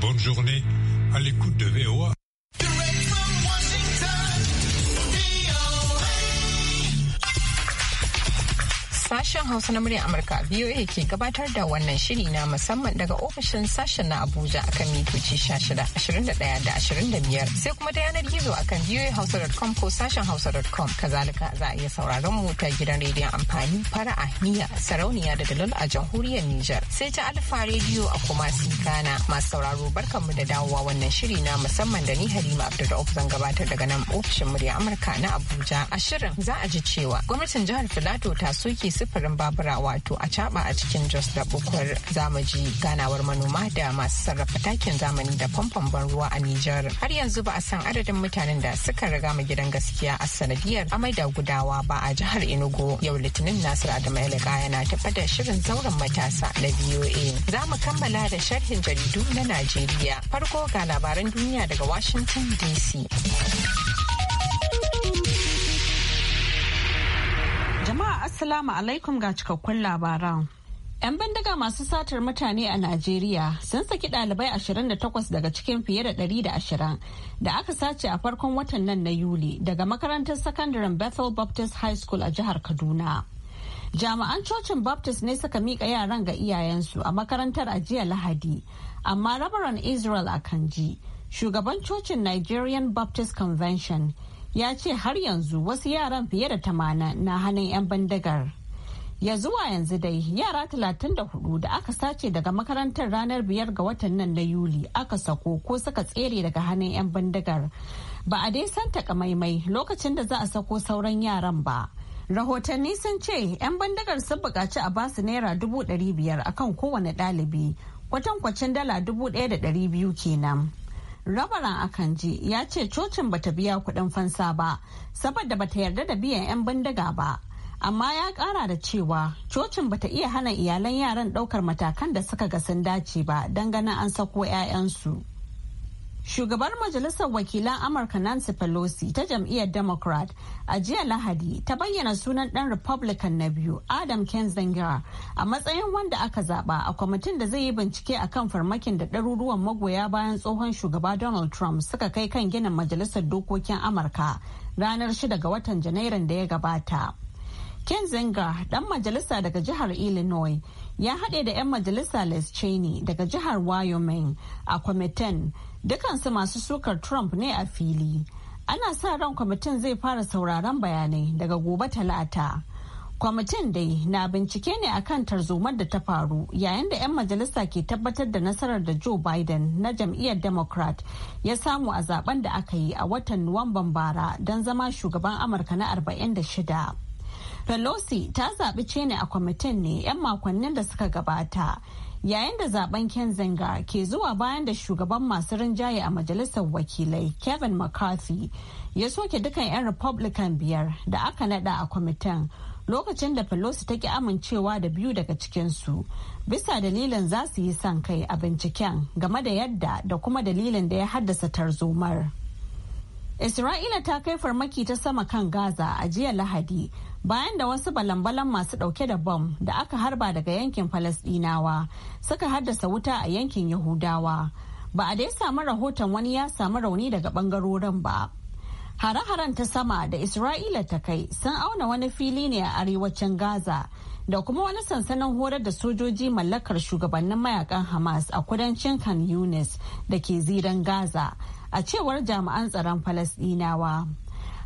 Bonne journée à l'écoute de VOA. Sashen Hausa na muryar Amurka VOA ke gabatar da wannan shiri na musamman daga ofishin sashen na Abuja akan mitoci 16, da da ashirin biyar sai kuma ta yanar gizo akan voahausa.com ko sashen hausa hausa.com. Kazalika za a iya sauraron mu ta gidan rediyon amfani fara'a niyya sarauniya da dalol a jamhuriyar Nijar. Sai ta Alfa rediyo a kuma Ghana masu sauraro barkanmu da dawowa wannan shiri na musamman da ni Halima Abdulrauf zan gabatar daga nan ofishin muryar Amurka na Abuja. A shirin za a ji cewa gwamnatin jihar Filato ta soke sufurin babura wato a caba a cikin jos da bukwar zamaji ganawar manoma da masu sarrafa takin zamani da famfon ban ruwa a Nijar. Har yanzu ba a san adadin mutanen da suka riga mu gidan gaskiya a sanadiyar amai da gudawa ba a jihar Enugu. Yau Litinin Nasir Adamu Elika yana tafa da shirin zauren matasa na VOA. Za mu kammala da sharhin jaridu na Najeriya. Farko ga labaran duniya daga Washington DC. Assalamu alaikum ga cikakkun labaran. 'Yan bindiga masu satar mutane a Najeriya sun saki ɗalibai 28 daga cikin fiye da 120 da aka sace a farkon watan nan na Yuli daga makarantar sakandaren Bethel Baptist High School a jihar Kaduna. Jami'an cocin Baptist ne suka miƙa yaran ga iyayensu a makarantar a jiya Lahadi, amma Rabaran Israel Akanji, shugaban cocin Nigerian Baptist Convention, ya ce har yanzu wasu yaran fiye da tamanin na hannun 'yan bandagar. ya zuwa yanzu dai yara 34 da aka sace daga makarantar ranar biyar ga watan nan na yuli aka sako ko suka tsere daga hannun 'yan bandagar ba a dai santa kamaimai lokacin da za a sako sauran yaran ba rahotanni sun ce 'yan bandagar sun buƙaci a basu naira dubu 500 akan kowane ɗalibi kwatankwacin dala dubu 1,200 kenan rabaran ji ya ce cocin bata biya kuɗin fansa ba saboda bata yarda da biyan 'yan bindiga ba amma ya kara da cewa cocin bata iya hana iyalan yaran ɗaukar matakan da suka ga sun dace ba don ganin an sako 'ya'yansu. Shugabar Majalisar Wakilan Amurka Nancy Pelosi ta jam'iyyar Democrat a jiya Lahadi ta bayyana sunan ɗan Republican na biyu Adam kenzinger a matsayin wanda aka zaba a kwamitin da zai yi bincike a kan farmakin da ɗaruruwan magoya bayan tsohon shugaba Donald Trump suka kai kan ginin Majalisar Dokokin Amurka ranar 6 ga watan Janairun da ya gabata. Kinzinger ɗan majalisa daga jihar Illinois ya haɗe da 'yan majalisa Les Cheney daga jihar Wyoming a kwamitin dukansu masu sukar trump ne a fili ana sa ran kwamitin zai fara sauraron bayanai daga gobe talata kwamitin dai na bincike ne akan tarzomar da ta faru yayin da 'yan majalisa ke tabbatar da nasarar da joe biden na jam'iyyar democrat ya samu a zaben da aka yi a watan nuwamban bara don zama shugaban amurka na 46 pelosi ta zaɓi ce ne a kwamitin ne 'yan makonnin da suka gabata yayin da zaben Zanga ke zuwa bayan da shugaban masu rinjaye a majalisar wakilai Kevin McCarthy ya soke dukan 'yan Republican biyar da aka nada a kwamitin lokacin da Pelosi ta ki amincewa da biyu daga cikinsu bisa dalilin za su yi son kai a binciken game da yadda da kuma dalilin da ya haddasa tarzomar. Isra'ila ta kai farmaki ta sama kan Gaza a jiya Lahadi bayan da wasu balan-balan masu dauke da bom da aka harba daga yankin falasdinawa suka haddasa wuta a yankin yahudawa ba a dai samu rahoton wani ya samu rauni daga bangarorin ba hare-haren ta sama da isra'ila ta kai sun auna wani fili ne a arewacin gaza da kuma wani sansanin horar da sojoji mallakar shugabannin mayakan hamas a kudancin kan yunis da ke ziran gaza a cewar jami'an tsaron falasdinawa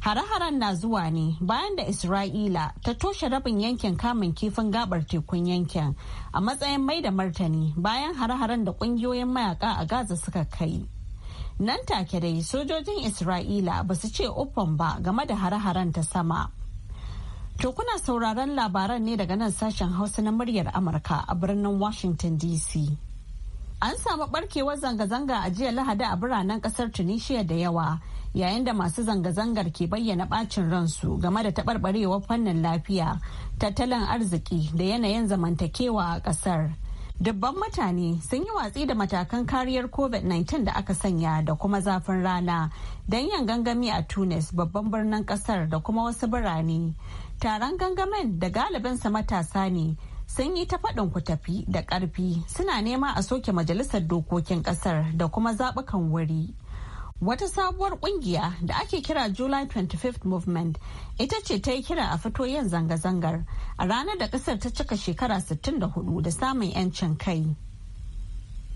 Hare-haren na zuwa ne bayan da Isra'ila ta toshe rabin yankin kamun kifin gabar tekun yankin a matsayin mai da martani bayan hare-haren da kungiyoyin mayaka a Gaza suka kai. Nan take dai sojojin Isra'ila ba su ce uffan ba game da hare-haren ta sama. To kuna sauraron labaran ne daga nan sashen Hausa na muryar Amurka a birnin Washington DC. An samu barkewar zanga-zanga a jiya Lahadi a biranen kasar Tunisia da yawa, yayin da masu zanga-zangar ke bayyana bacin ransu game da taɓarɓarewar fannin lafiya, tattalin arziki da yanayin zamantakewa a ƙasar. Dubban mutane sun yi watsi da matakan kariyar COVID-19 da aka sanya da kuma zafin rana don yin gangami a Tunis babban birnin kasar da kuma wasu birane. Taron gangamin da galibinsa matasa ne. sun yi ta faɗin ku tafi da ƙarfi suna nema a soke majalisar dokokin ƙasar da kuma zaɓukan wuri. Wata sabuwar ƙungiya da ake kira July 25th Movement ita ce ta yi kira a fito yin zanga-zangar a ranar da ƙasar ta cika shekara 64 da samun 'yancin kai.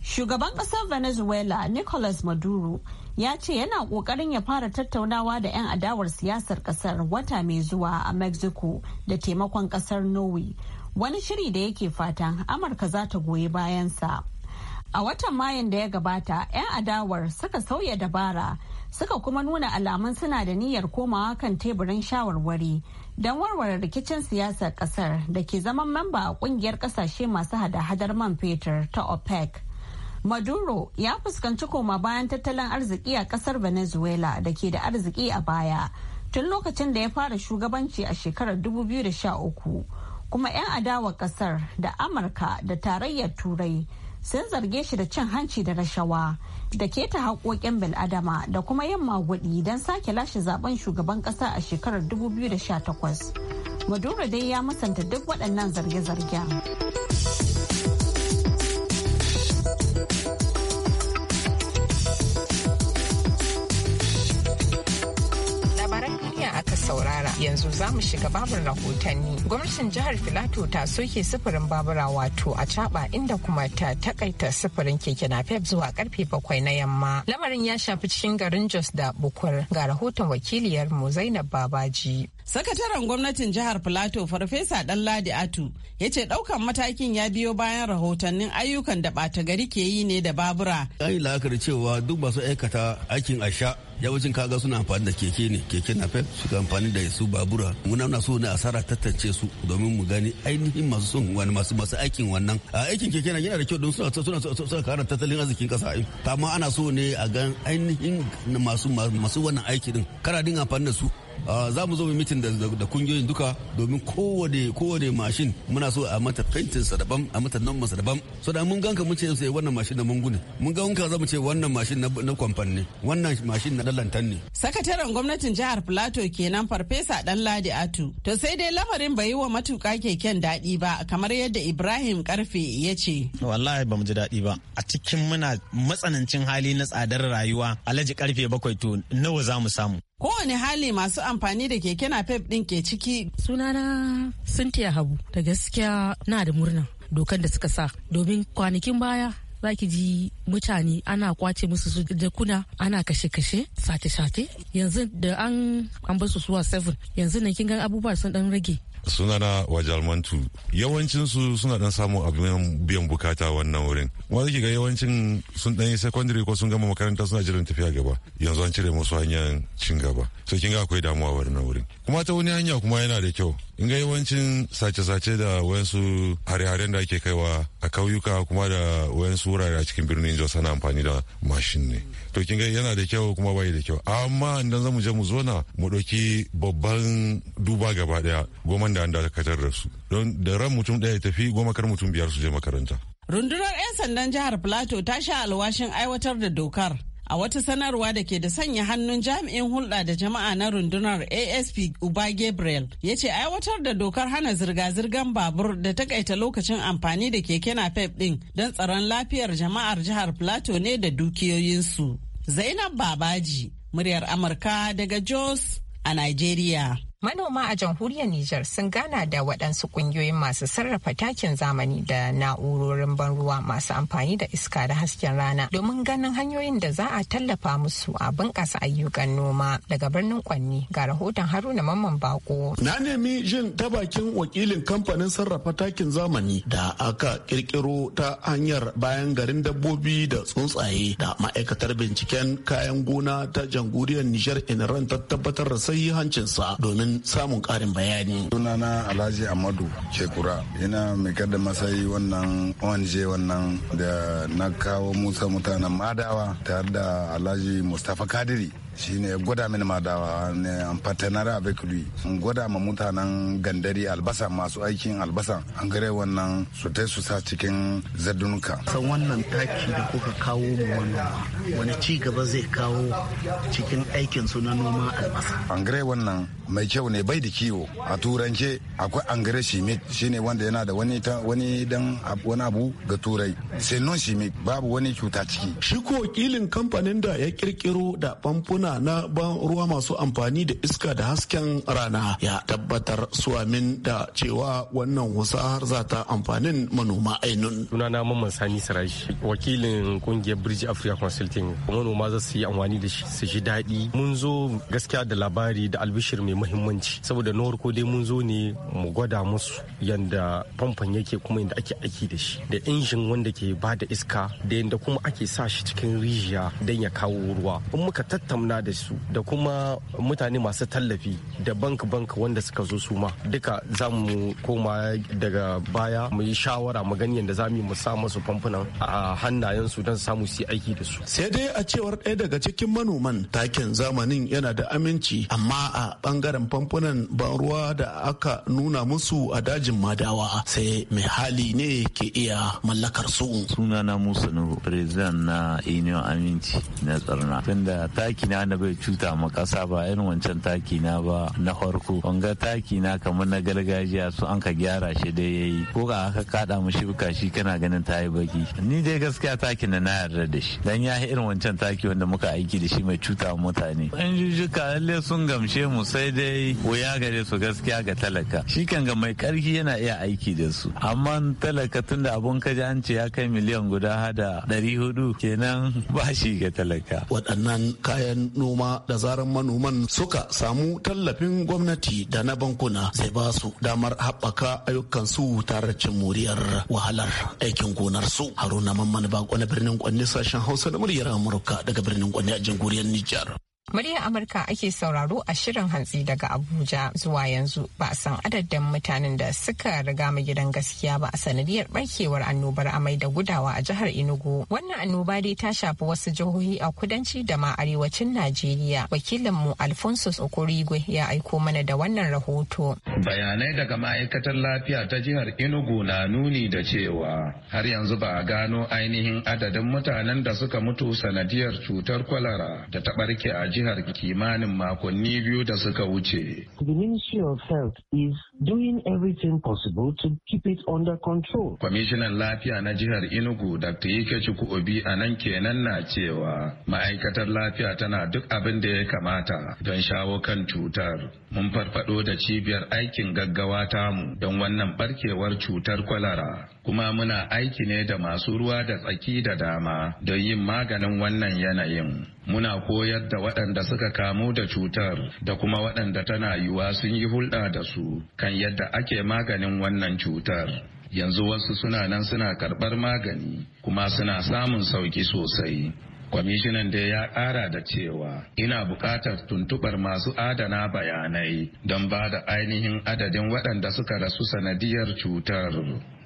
Shugaban ƙasar Venezuela Nicolas Maduro ya ce yana ƙoƙarin ya fara tattaunawa da 'yan adawar siyasar ƙasar wata mai zuwa a Mexico da taimakon ƙasar Norway wani shiri da yake fatan amurka za ta goyi bayansa a watan mayan da ya gabata 'yan adawar suka sauya dabara suka kuma nuna alamun suna da niyyar komawa kan teburin shawarwari don warware rikicin siyasar kasar da ke zaman mamba a kungiyar kasashe masu hada-hadar man fetur ta opec maduro ya fuskanci koma bayan tattalin arziki a kasar venezuela da ke da arziki a baya tun lokacin da ya fara shugabanci a shekarar 2013 kuma 'yan adawa kasar da amurka da tarayyar turai sun zarge shi da cin hanci da rashawa da keta haƙoƙin bil'adama da kuma yin maguɗi don sake lashe zaben shugaban ƙasa a shekarar 2018 maduro dai ya musanta duk waɗannan zarge-zargen aka saurara yanzu za mu shiga babur rahotanni gwamnatin jihar filato ta soke sufurin babura wato a caba inda kuma ta takaita sufurin keke na napep zuwa karfe bakwai na yamma lamarin ya shafi cikin garin jos da bukur ga rahoton wakiliyar mu zainab babaji Sakataren gwamnatin jihar Filato Farfesa danladi Atu ya ce daukan matakin ya biyo bayan rahotannin ayyukan da ɓata gari ke yi ne da babura. An yi la'akari cewa duk masu aikata aikin asha yawancin kaga suna amfani da keke ne keke na fef suka amfani da su babura muna na so ne a sara tattance su domin mu gani ainihin masu son wani masu masu aikin wannan a aikin keke na yana da kyau don suna suna suna kara tattalin arzikin kasa amma ana so ne a gan ainihin masu masu wannan aiki din kana din amfani da su Ah, za mu zo mu mitin da kungiyoyin duka domin kowane kowane mashin muna so a mata fentin sa daban a mata nan masa daban so da mun ganka mu ce sai wannan mashin na mun gune mun ga wanka za mu ce wannan mashin na kwamfan ne wannan mashin na dalantan ne sakataren gwamnatin jihar Plateau kenan farfesa Danladi Atu to sai dai lamarin bai yi wa matuka keken daɗi ba kamar yadda Ibrahim Karfe ya ce wallahi ba mu ji daɗi ba a cikin muna matsanancin hali na tsadar rayuwa alhaji karfe bakwai to nawa za mu samu kowane hali masu amfani da keke napep din ke ciki sunana cynthia habu da gaskiya na da murna dokan da suka sa domin kwanakin baya za ki ji mutane ana kwace musu su jakuna ana kashe-kashe sace-sace yanzu da an basu suwa 7 yanzu na kin ga abubuwa sun dan rage Suna sunana wajalmantu yawancinsu suna dan samun abin biyan bukata wannan wurin kuma kike ga yawancin sun dan yi secondary ko sun gama makaranta suna jiran tafiya gaba yanzu an cire musu hanyar cin gaba so kin ga akwai damuwa wannan wurin kuma ta wani hanya kuma yana da kyau in ga yawancin sace-sace da wayansu hare-haren da ake kaiwa a kauyuka kuma da wayansu wurare a cikin birnin jos ana amfani da mashin ne to kin ga yana da kyau kuma bai da kyau amma idan zamu je mu zona mu ɗauki babban duba gaba daya goman da an dakatar da su don da ran mutum ɗaya tafi goma kar mutum biyar su je makaranta rundunar 'yan sandan jihar plateau ta sha alwashin aiwatar da dokar A wata sanarwa da ke da sanya hannun jami'in hulɗa da jama'a na rundunar ASP Uba Gabriel ya ce aiwatar da dokar hana zirga-zirgar babur da takaita lokacin amfani da keke napep ɗin don tsaron lafiyar jama'ar jihar Plateau ne da dukiyoyinsu. Zainab Babaji, muryar Amurka daga Jos a Nigeria. manoma a jamhuriyar Nijar sun gana da waɗansu ƙungiyoyin masu sarrafa takin zamani da na'urorin ban ruwa masu amfani da iska da hasken rana domin ganin hanyoyin da za a tallafa musu a bunƙasa ayyukan noma daga birnin Kwanni ga rahoton Haruna Mamman Bako. Na nemi jin ta bakin wakilin kamfanin sarrafa takin zamani da aka kirkiro ta hanyar bayan garin dabbobi da tsuntsaye da ma'aikatar binciken kayan gona ta jamhuriyar Nijar Inran ta tabbatar da sahihancinsa domin don samun karin bayani. Sunana Alhaji Amadu shekura yana mai kada masayi wannan ONG wannan da na kawo Musa mutanen Madawa tare da Alhaji Mustapha Kadiri shine ya gwada mini ma da partenariat avec lui in gwada ma mutanen gandari albasa masu aikin albasa an gare wannan su ta su sa cikin zadunuka san wannan taki da kuka kawo mu wannan wani ci gaba zai kawo cikin aikin su na noma albasa an gare wannan mai kyau ne bai da kiwo a turance akwai angare shimit shine wanda yana da wani wani dan wani abu ga turai sai non shimit babu wani cuta ciki shi ko kilin kamfanin da ya kirkiro da famfuna na ban ruwa masu amfani da iska da hasken rana ya tabbatar suwamin da cewa wannan wasahar za ta amfanin manoma ainun sunana mamman sani sarashi wakilin kungiyar bridge africa consulting manoma za su yi amfani da shi su ji daɗi mun zo gaskiya da labari da albishir mai muhimmanci saboda na farko dai mun zo ne mu gwada musu yadda famfon yake kuma yadda ake aiki da shi da injin wanda ke ba da iska da yadda kuma ake sa shi cikin rijiya don ya kawo ruwa in muka tattauna da su da kuma mutane masu tallafi da bank bank wanda suka zo su ma duka za mu koma daga baya mu yi shawara mu gani yadda za mu sa musu famfunan a su don samu su aiki da su sai dai a cewar ɗaya daga cikin manoman takin zamanin yana da aminci amma a ɓangaren famfunan ban ruwa da aka nuna musu a dajin madawa sai mai hali ne ke iya mallakar su. Sunana Musa Nuhu, Prezan na inyo Aminci na Tsarna. Tunda taki na na bai cuta ma kasa ba irin wancan taki na ba na farko. Wanga taki na kamar na gargajiya su an ka gyara shi da yayi. Ko ka aka kada mu shuka shi kana ganin ta yi baki. Ni dai gaskiya taki na na yarda da shi. Dan ya irin wancan taki wanda muka aiki da shi mai cuta mutane. An jujjuka lalle sun gamshe mu sai dai wuya gare su gaskiya ga talaka. shi kan ga mai karfi yana iya aiki da su amma talaka tun da abun kaji an ce ya kai miliyan guda hada ɗari hudu kenan ba shi ga talaka waɗannan kayan noma da zaran manoman suka samu tallafin gwamnati da na bankuna zai ba su damar haɓaka ayyukan su tare cin muriyar wahalar aikin gonar su haruna mamman bako na birnin kwanne sashen hausa da muryar amurka daga birnin kwanne a jamhuriyar nijar Muryar Amurka ake sauraro a shirin hantsi daga Abuja zuwa yanzu ba a san adadin mutanen da suka riga mu gidan gaskiya ba a sanadiyar barkewar annobar amai da gudawa a jihar Enugu. Wannan annoba dai ta shafi wasu jihohi a kudanci da ma arewacin Najeriya. Wakilinmu alfonsus Okorigwe ya aiko mana da wannan rahoto. Bayanai daga ma'aikatar lafiya ta jihar Enugu na nuni da cewa har yanzu ba a gano ainihin adadin mutanen da suka mutu sanadiyar cutar kwalara da ta barke a jihar kimanin makonni biyu da suka wuce. The Ministry of Health is doing everything possible to keep it under control. Kwamishinan lafiya na jihar Enugu Dr. Ikechukwu Obi a nan kenan na cewa ma'aikatar lafiya tana duk abin da ya kamata don shawo kan cutar. Mun farfado da cibiyar aikin gaggawa tamu don wannan barkewar cutar kwalara. kuma muna aiki ne da masu ruwa da tsaki da dama don yin maganin wannan yanayin. Muna koyar da waɗanda suka kamu da cutar da kuma waɗanda tana yiwuwa sun yi hulɗa da su kan yadda ake maganin wannan cutar. Yanzu wasu suna nan suna karɓar magani kuma suna samun sauki sosai. kwamishinan da ya ƙara da cewa ina buƙatar tuntuɓar masu adana bayanai don ba da ainihin adadin waɗanda suka rasu sanadiyar cutar.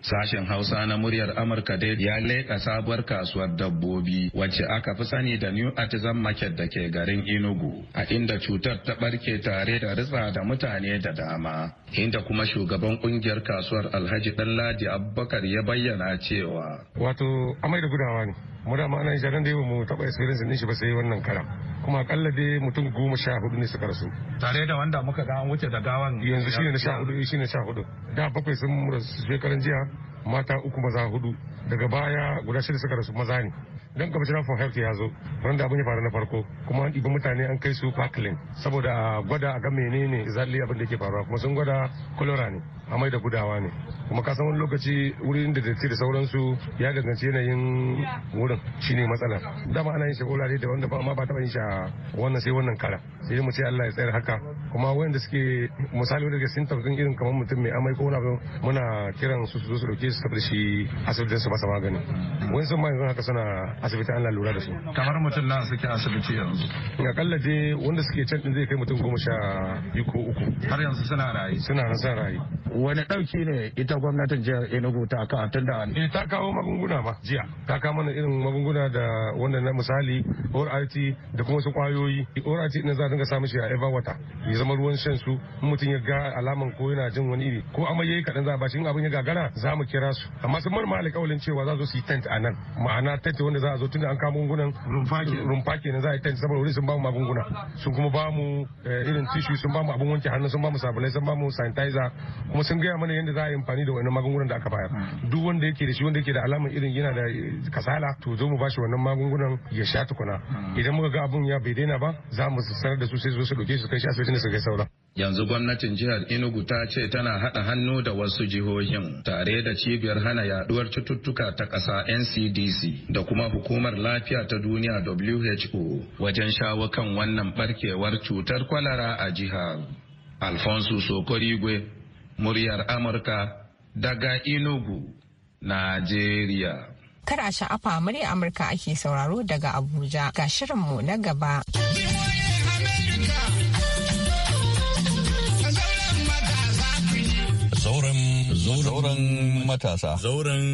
Sashen Hausa na muryar Amurka dai ya leƙa sabuwar kasuwar dabbobi wacce aka fi sani da New Artisan Market da ke garin Enugu, a inda cutar ta barke tare da ritsa da mutane da dama. Inda kuma shugaban kungiyar kasuwar Alhaji Ɗanladi Abubakar ya bayyana cewa. Wato amai da gudawa ne. Mu da ma'ana jaran da mu taɓa experience din shi ba sai wannan kara. Kuma akalla dai mutum goma sha hudu ne suka rasu. Tare da wanda muka ga an wuce da gawan. Yanzu shine na sha hudu eh, shine sha hudu. Da bakwai sun mura su shekaran jiya mata uku maza hudu daga baya guda shida suka rasu maza ne don commissioner for health ya zo ran da abin ya faru na farko kuma an ɗibi mutane an kai su parkland saboda gwada a ga menene zalli abin da ke faruwa kuma sun gwada cholera ne amai da gudawa ne kuma ka san wani lokaci wurin da datti da sauransu ya danganci yanayin wurin shine matsala dama ana yin shagola da wanda ba amma ba taɓa yin sha wannan sai wannan kara sai mu ce Allah ya tsayar haka kuma wanda suke misali daga symptoms din irin kamar mutum mai amai ko wani muna kiran su su zo su dauke su tafi shi asibitin su sa magani wani sun ma yanzu haka suna asibiti ana lura da su kamar mutum na suke asibiti yanzu kalla je wanda suke can din zai kai mutum goma sha biyu uku har yanzu suna rayu suna nan suna rayu wani dauki ne ita gwamnatin jihar Enugu ta ka tunda eh ta kawo magunguna ba jiya ta kawo mana irin magunguna da wanda na misali ORT da kuma su kwayoyi ORT din za a dinga samu shi a Eva wata ya zama ruwan shan su mutum ya ga alaman ko yana jin wani iri ko amma yayi kadan za a shi in abin ya gagara za mu kira su amma sun marma alƙawarin cewa za su yi tent a nan ma'ana tent wanda za a zo tunda an kawo magungunan rumfa kenan za a yi tanti saboda wuri sun ba mu magunguna sun kuma ba mu eh, irin tishu sun ba mu abin wanke hannu sun ba mu sabulai sun ba mu sanitizer kuma sun gaya mana yadda za a yi amfani da wannan magungunan da aka bayar mm. duk wanda yake da shi wanda yake da alamar irin yana da eh, kasala to zo mu bashi wannan magungunan ya sha tukuna mm. idan muka ga abun ya bai daina ba za mu sanar da su sai su dauke su kai shi asibitin da su kai sauran Yanzu gwamnatin jihar Enugu ta ce tana haɗa hannu da wasu jihohin tare da cibiyar hana yaduwar cututtuka ta ƙasa NCDC da kuma hukumar lafiya ta duniya WHO wajen shawo kan wannan barkewar cutar kwalara a jihar. Alfonso Sokorigwe, muryar Amurka daga Enugu, Najeriya. Kar a sha'afa murya Amurka ake sauraro daga Abuja ga shirinmu na gaba. matasa. Zauren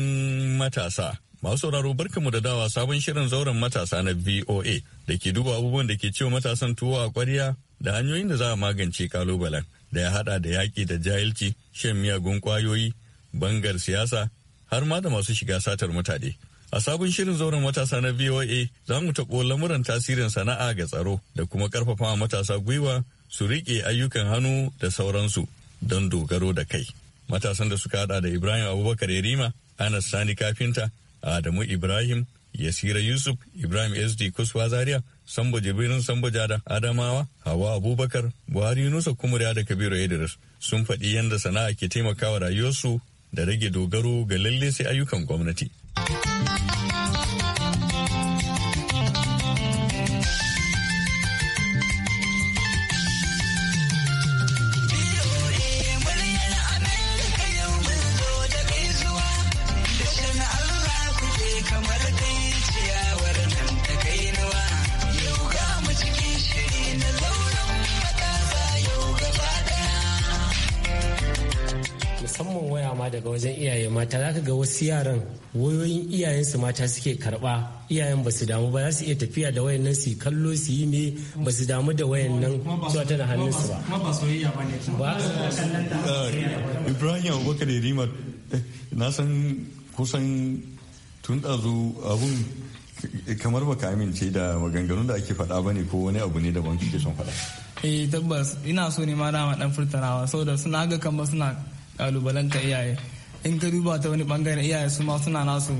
matasa. Masu sauraro barkamu da dawa sabon shirin zauren matasa na VOA da ke duba abubuwan da ke cewa matasan tuwo a kwarya da hanyoyin da za a magance kalubalen da ya hada da yaƙi da jahilci, shan miyagun kwayoyi, bangar siyasa, har ma da masu shiga satar mutane. A sabon shirin zauren matasa na VOA za mu taɓo lamuran tasirin sana'a ga tsaro da kuma ƙarfafa matasa gwiwa su riƙe ayyukan hannu da sauransu don dogaro da kai. matasan da suka hada da ibrahim abubakar yarima anas sani kafinta adamu ibrahim yasira yusuf ibrahim sd kuswa zaria sambo jibirin sambo jada adamawa hawa abubakar buhari yunusa kumuriya da kabiru idris sun faɗi yadda sana'a ke taimakawa rayuwarsu da rage dogaro ga lalle sai ayyukan gwamnati. musamman waya ma daga wajen iyaye mata za ka ga wasu yaran wayoyin iyayensu mata suke karba iyayen ba su damu ba za su iya tafiya da wayan nan su kallo su yi ne ba su damu da wayan nan zuwa tana hannun ba. ba ah, Ibrahim Abubakar Rima na san kusan tun ɗazu abun kamar baka amince da maganganun da ake faɗa ba ne ko wani abu ne daban kike son faɗa. eh tabbas ina so ne ma dama dan furtarawa saboda suna ga kamar suna kalubalanta iyaye in ka duba ta wani bangaren iyaye su ma suna nasu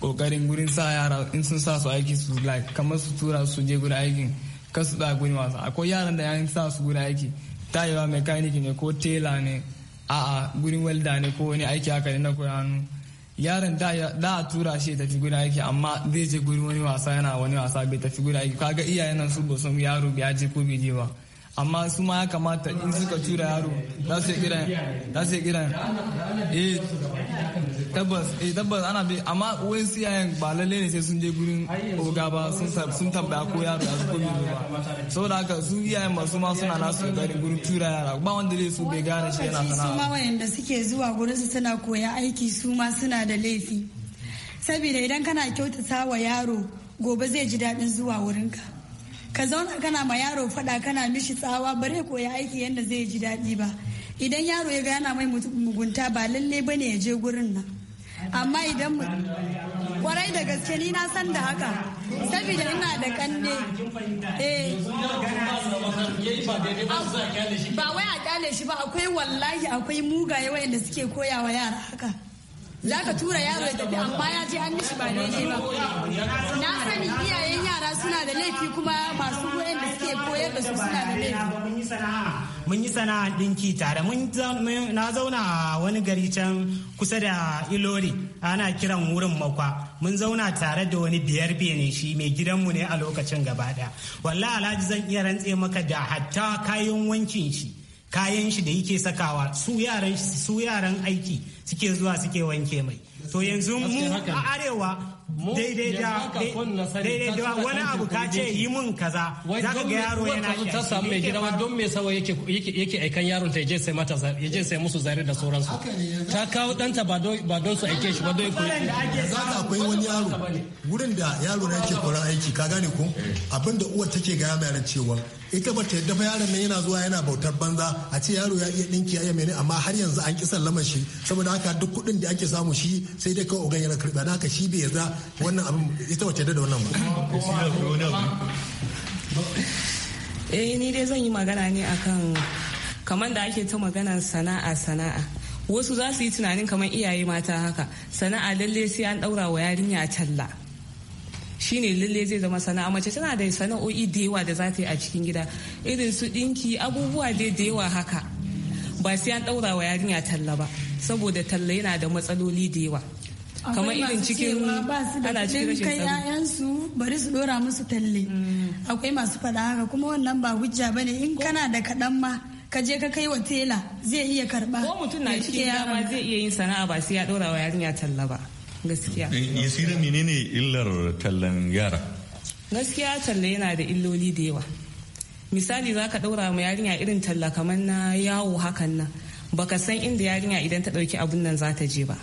kokarin gurin sa yara in sun sa su aiki su like kamar su tura su je gurin aikin kan su da gurin wasa akwai yaran da yayin sa su gurin aiki tayewa mekaniki ne ko tela ne a'a gurin welda ne ko wani aiki haka ne na koya hannu yaron da a tura shi tafi gurin aiki amma zai je gurin wani wasa yana wani wasa bai tafi gurin aiki kaga iyayen nan su ba yaro bai je ko bai je ba amma su ma ya kamata in suka tura yaro za su kira za su kira eh tabbas eh tabbas ana bi amma wayan siyayen ba lalle ne sai sun je gurin oga ba sun sun tambaya ko yaro ya ko mai ba saboda haka su iyayen ba su ma suna nasu gari gurin tura yara ba wanda zai so bai gane shi yana sana'a su ma wayanda suke zuwa gurin su suna koya aiki su ma suna da laifi saboda idan kana kyautata wa yaro gobe zai ji daɗin zuwa wurinka. ka ka zauna kana ma yaro faɗa kana mishi tsawa bare koya aiki yadda zai ji daɗi ba idan yaro ya gana mai mugunta ba lalle ba ne ya je gurin nan amma idan kwarai da gaske ni na san da haka saboda ina da kanne eh. ba wai a kyale shi ba akwai wallahi akwai mugaye wayanda suke koya wa yara haka za ka tura yaro ya tafi amma ya je an mishi ba daidai ba na sani suna da laifi kuma masu goyon da suke koyar da su suna da laifi mun yi sana'a ɗinki tare na zauna a wani gari can kusa da ilori ana kiran wurin makwa mun zauna tare da wani biyar ne shi mai gidanmu ne a lokacin gaba ɗaya walla alhaji zan iya rantse maka da hatta kayan wankin shi kayan shi da yake sakawa su yaran su yaran aiki suke zuwa suke wanke mai to yanzu mu a arewa daidai da daidai da wani abu ka ce yi mun kaza za ka ga yaro yana shi ta samu mai gida don me sawa yake yake aikan yaron ta je sai mata ya je sai musu zare da sauransu ta kawo danta ba don ba don su aike shi ba don koyi za ka akwai wani yaro wurin da yaro na yake koran aiki ka gane ko eh. abinda uwar take ga yaron cewa ita ba ta yadda fa yaron nan yana zuwa yana bautar banza a ce yaro ya iya dinki ya ne amma har yanzu an kisan lamar shi saboda haka duk kuɗin da ake samu shi sai dai kawai ogan yana karɓa haka shi bai yarda wannan abin ita ba ta yadda da wannan ba eh ni dai zan yi magana ne akan kamar da ake ta maganar sana'a sana'a wasu za su yi tunanin kamar iyaye mata haka sana'a lalle sai an ɗaura wa yarinya talla shine lalle zai zama sana'a mace tana da sana'o'i da yawa da za ta yi a cikin gida irin su dinki abubuwa dai da yawa haka ba sai an daura wa yarinya talla ba saboda talla yana da matsaloli da yawa kamar irin cikin ana cikin rashin kai su bari su dora musu talle mm. akwai masu faɗa haka kuma wannan ba hujja bane in kana da kaɗan ma ka je ka kai wa tela zai iya karɓa ko mutum na cikin dama zai iya yin sana'a ba sai ya dora wa yarinya talla ba gaskiya eh, yasira menene illar tallan yara gaskiya talla yana da illoli da yawa misali za ka ɗaura ma yarinya irin talla kamar na yawo hakan nan baka san inda yarinya idan ta ɗauki abun nan za ta je ba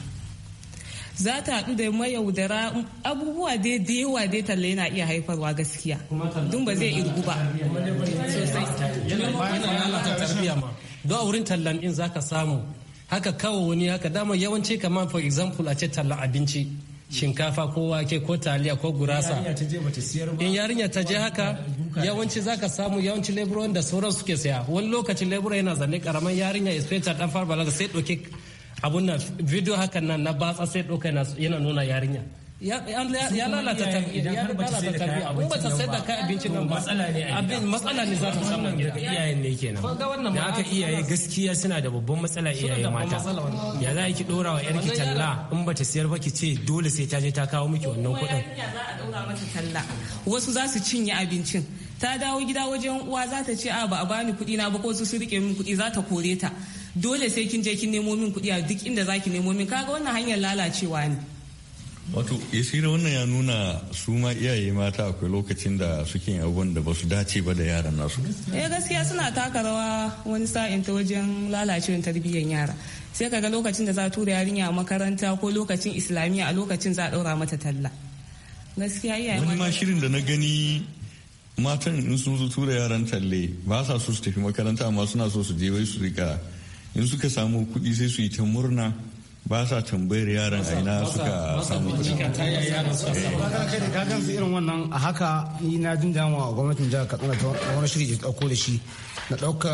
za ta haɗu da mayaudara abubuwa da yawa dai talla yana iya haifarwa gaskiya dun ba zai irgu ba sosai don a wurin tallan in zaka samu haka kawo wani haka dama yawanci kamar for example a ce tallan abinci shinkafa ko wake ko taliya ko gurasa in yarinya ta je haka yawanci zaka samu yawanci leburon da sauran suke saya wani lokaci lebura yana zanne karaman yarinya inspector dan farbalaga sai doke abun nan video hakan nan na batsa sai doka yana nuna yarinya ya lalata tarbiyya ya lalata tarbiyya in ba ta sayar da kai abincin nan ba matsala ne abin matsala ne za ta samu daga iyayen ne kenan da aka iyaye gaskiya suna da babban matsala iyaye mata ya za ki dora wa yarki talla in ba ta sayar ba ki ce dole sai ta je ta kawo miki wannan kuɗin wasu za su cinye abincin ta dawo gida wajen uwa za ta ce a ba a bani kuɗi na ba ko su su rike min kuɗi za ta kore ta dole sai kin je kin nemo min kuɗi a duk inda za ki nemo min kaga wannan hanyar lalacewa ne wato isira wannan ya nuna su ma iyaye mata akwai lokacin da suke yin da ba su dace ba da yaran nasu eh gaskiya suna taka rawa wani sa'in ta wajen lalacewar tarbiyyar yara sai kaga lokacin da za a tura yarinya a makaranta ko lokacin islamiyya a lokacin za a daura mata talla gaskiya iyaye wani ma shirin da na gani matan in sun zo tura yaran talle ba sa so su tafi makaranta amma suna so su je wai su rika in suka samu kuɗi sai su yi ta murna ba sa tambayar yaran a ina suka samu kuɗi. Eh. Ka gan su irin wannan a haka ni na jin a gwamnatin jihar Katsina ta wani shiri ta da shi na ɗauka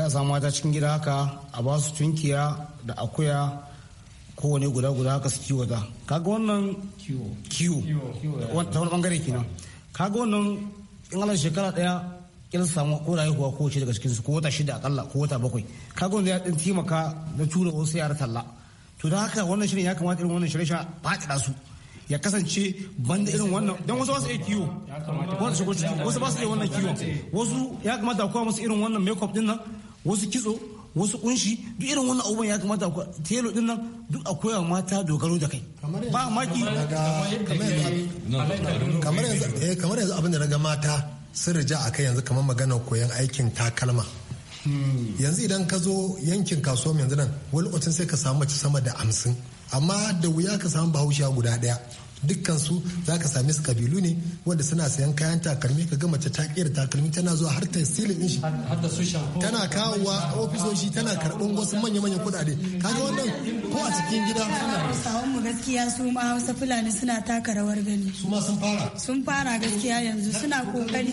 ya samu mata cikin gida haka a ba su tunkiya da akuya kowane guda guda haka su kiwata kaga wannan kiwo ta wani bangare kenan kaga wannan in ala shekara daya kila samu ko rayuwa ko ce daga cikinsu ko wata shida akalla ko wata bakwai kaga wanda ya ɗin taimaka na tura wasu yara talla to da haka wannan shirin ya kamata irin wannan shirin sha da su ya kasance banda irin wannan don wasu wasu kiwo wasu ba su iya wannan kiwo wasu ya kamata kowa musu irin wannan makeup din nan wasu kitso wasu kunshi duk irin wannan abubuwan ya kamata ku telo din nan duk a koya mata dogaro da kai ba maki eh, kamar yanzu abin da na ga mata sun rija a kai yanzu kamar maganar koyon aikin takalma yanzu idan ka zo yankin kasuwa yanzu nan wani otin sai ka samu mace sama da hamsin amma da wuya ka samu bahaushiya guda daya dukkansu za ka same su kabilu ne wanda suna sayan kayan takalmi ka gama ta takiyar takalmi tana zuwa har tasirin din shi tana kawowa ofisoshi tana karɓar wasu manya-manyan kuɗaɗe kaga wannan ko a cikin gida hausawan mu gaskiya su ma hausa fulani suna taka rawar gani su ma sun fara sun fara gaskiya yanzu suna kokari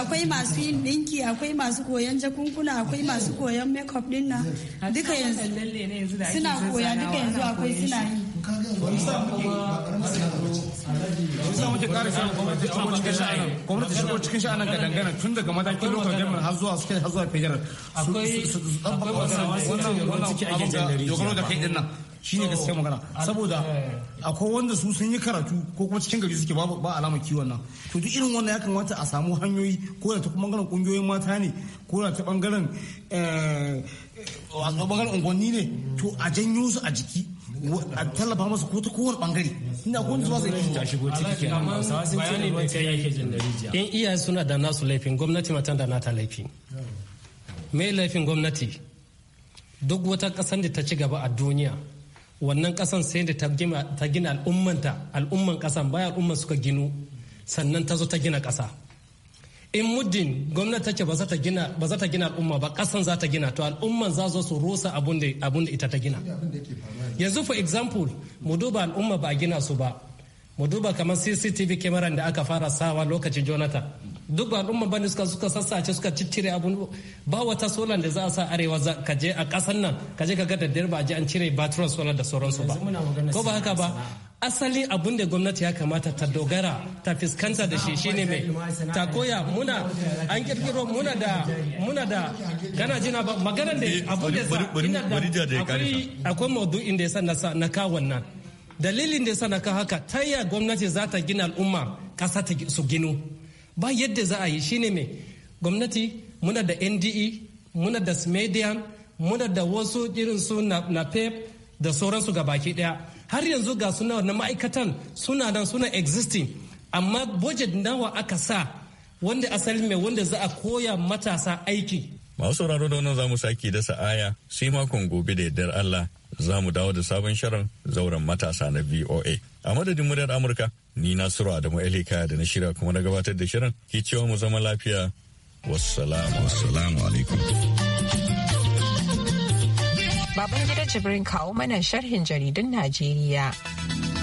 akwai masu yin dinki akwai masu koyan jakunkuna akwai masu koyan makeup din nan duka yanzu suna koya duka yanzu akwai suna yi wani sa muke ba karamin sana'a ba ce shi sa muke kare shirin gwamnati shigo cikin shine gaskiya magana saboda akwai wanda su sun yi karatu ko kuma cikin gari suke ba alamar kiwon nan to duk irin wannan ya kamata a samu hanyoyi ko da ta bangaren kungiyoyin mata ne ko da ta bangaren unguwanni ne to a janyo su a jiki a tallafa masa ko ta kowane bangare ina ko wanda su yi ta shigo ciki ke nan bayani da kai yake jin da in iyaye suna da nasu laifin gwamnati ma tana da nata laifi me laifin gwamnati duk wata kasan da ta ci gaba a duniya wannan kasan sai da ta gina al'ummanta al'umman kasan baya al'umman suka ginu sannan ta zo ta gina kasa in muddin gwamnati take ba za ta gina ba za ta gina al'umma ba kasan za ta gina to al'umman za su rusa abun da abun da ita ta gina yanzu for example mu duba al'umma ba a gina su ba mu duba kamar CCTV camera da aka fara sawa lokacin Jonathan duk ba al'umma bane suka suka sassace suka ciccire abun ba wata solar da za a sa arewa ka je a kasan nan ka je ka ga daddare ba a je an cire battery solar da sauransu ba ko ba haka ba asali abin da gwamnati ya kamata ta dogara ta fuskanta da shi shine mai ta koya muna an kirkiro muna da muna da kana jina ba maganar da eh, abu da sa ina da akwai akwai maudu'in inda ya sa na ka wannan dalilin da ya sa na ka haka ta yaya gwamnati za ta gina al'umma kasa ta su ginu ba yadda za a yi shine mai gwamnati muna da NDE muna da Smedian muna da wasu irin su na PEP e da sauransu ga baki daya har yanzu ga suna na ma'aikatan suna nan suna existing amma budget nawa aka sa wanda asali mai wanda za a koya matasa aiki masu sauraro da wannan za mu sake dasa aya sai makon gobe da yardar Allah za mu dawo da sabon shirin zauren matasa na VOA a madadin muryar Amurka ni na suru Adamu Elika da na shirya kuma na gabatar da shirin ke cewa mu zama lafiya wassalamu alaikum Babangida Jibrin kawo mana sharhin jaridun Najeriya.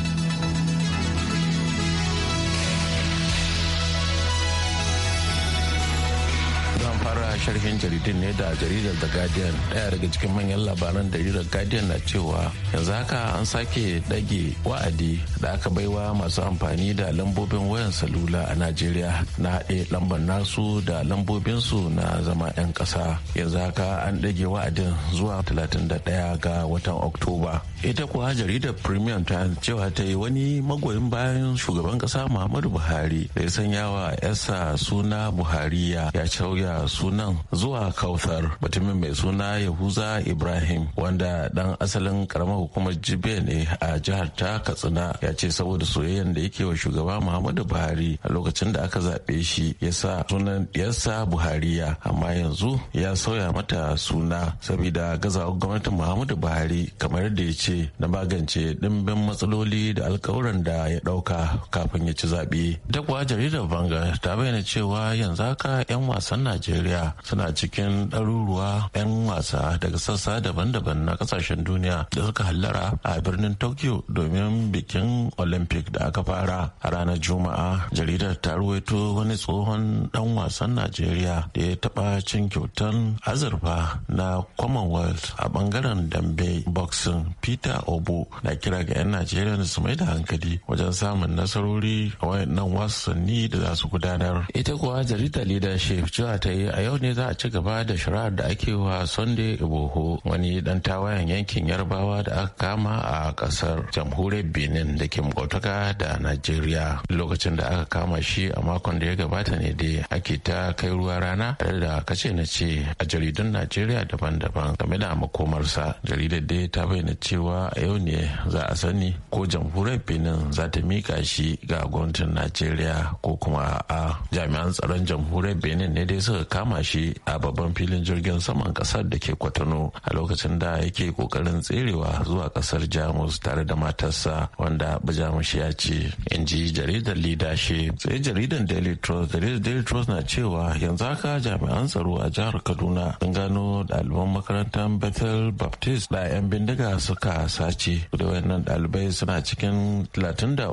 sharhin jaridun ne da jaridar The Guardian. Daya daga cikin manyan labaran jaridar Guardian na cewa yanzu haka an sake dage wa'adi da aka baiwa masu amfani da lambobin wayan salula a Najeriya na haɗe lambar nasu da lambobinsu na zama 'yan ƙasa. Yanzu haka an dage wa'adin zuwa 31 ga watan Oktoba. Ita kuwa jaridar Premium ta cewa ta yi wani magoyin bayan shugaban ƙasa Muhammadu Buhari da ya sanya wa 'yarsa suna Buhariya ya cauya sunan zuwa Kautar, mutumin mai suna Yahuza Ibrahim wanda dan asalin karamar hukumar Jibe ne a jihar ta Katsina ya ce saboda soyayyar da yake wa shugaba Muhammadu Buhari a lokacin da aka zaɓe shi ya sa sunan diyarsa Buhariya amma yanzu ya sauya mata suna saboda gazawar gwamnatin Muhammadu Buhari kamar da ya ce na magance dimbin matsaloli da alkawuran da ya ɗauka kafin ya ci zaɓe. Dagwa jaridar Vanga ta bayyana cewa yanzu haka 'yan wasan Najeriya suna cikin ɗaruruwa 'yan wasa daga sassa daban-daban na kasashen duniya da suka hallara a birnin tokyo domin bikin olympic da aka fara a ranar juma'a jaridar ta ruwaito wani tsohon ɗan wasan najeriya da ya taɓa cin kyautan azurfa na commonwealth a bangaren dambe boxing peter obo na kira ga 'yan najeriya da su mai da hankali wajen samun nasarori a wayannan wasanni da za su gudanar ita kuwa jaridar leadership cewa ta yi a yau ne za a ci gaba da shari'ar da ake wa sunday iboho wani dan tawayen yankin yarbawa da aka kama a kasar jamhuriyar benin da ke makwataka da najeriya lokacin da aka kama shi a makon da ya gabata ne dai ake ta kai ruwa rana tare da kace na ce a jaridun najeriya daban-daban game da makomarsa jaridar dai ta bayyana cewa a yau ne za a sani ko jamhuriyar benin za ta mika shi ga gwamnatin najeriya ko kuma a jami'an tsaron jamhuriyar benin ne dai suka kama shi shi a babban filin jirgin saman kasar da ke kwatano a lokacin da yake kokarin tserewa zuwa kasar jamus tare da matarsa wanda bajamushi ya ce in ji jaridar lidashe sai jaridar daily trust jaridar daily trust na cewa yanzu haka jami'an tsaro a jihar kaduna sun gano ɗaliban makarantar bethel baptist da 'yan bindiga suka sace da wayannan ɗalibai suna cikin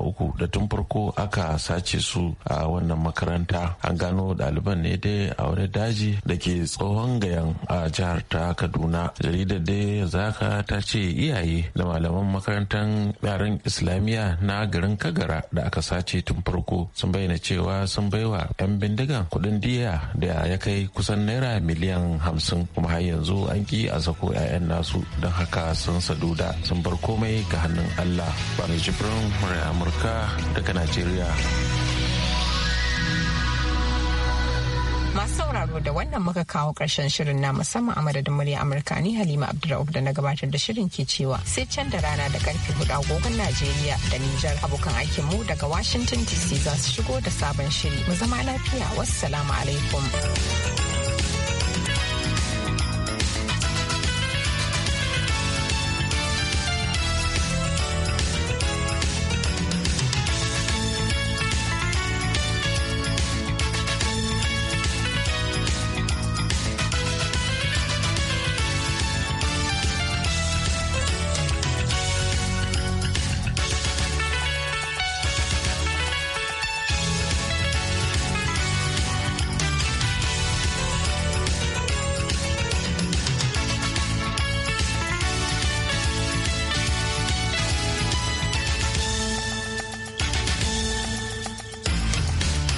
uku da tun farko aka sace su a wannan makaranta an gano ɗaliban ne dai a wani daji da ke tsohon gayan a jihar ta kaduna jaridar da zaka ta ce iyaye da malaman makarantar yaren islamiyya na garin kagara da aka sace tun farko sun bayyana cewa sun baiwa 'yan bindigan kuɗin diya da ya kai kusan naira miliyan hamsin kuma har yanzu an ki a sako 'ya'yan nasu don haka sun saduda sun bar komai ga hannun allah bani jibrin murai amurka daga najeriya Masu sauraro da wannan muka kawo ƙarshen shirin na musamman a madadin murya Amurka ni Halima Abdulrauf da na gabatar da shirin ke cewa sai can da rana da karfe hudu agogon Najeriya da Nijar abokan aikin mu daga Washington DC za su shigo da sabon shiri mu zama lafiya wassalamu alaikum.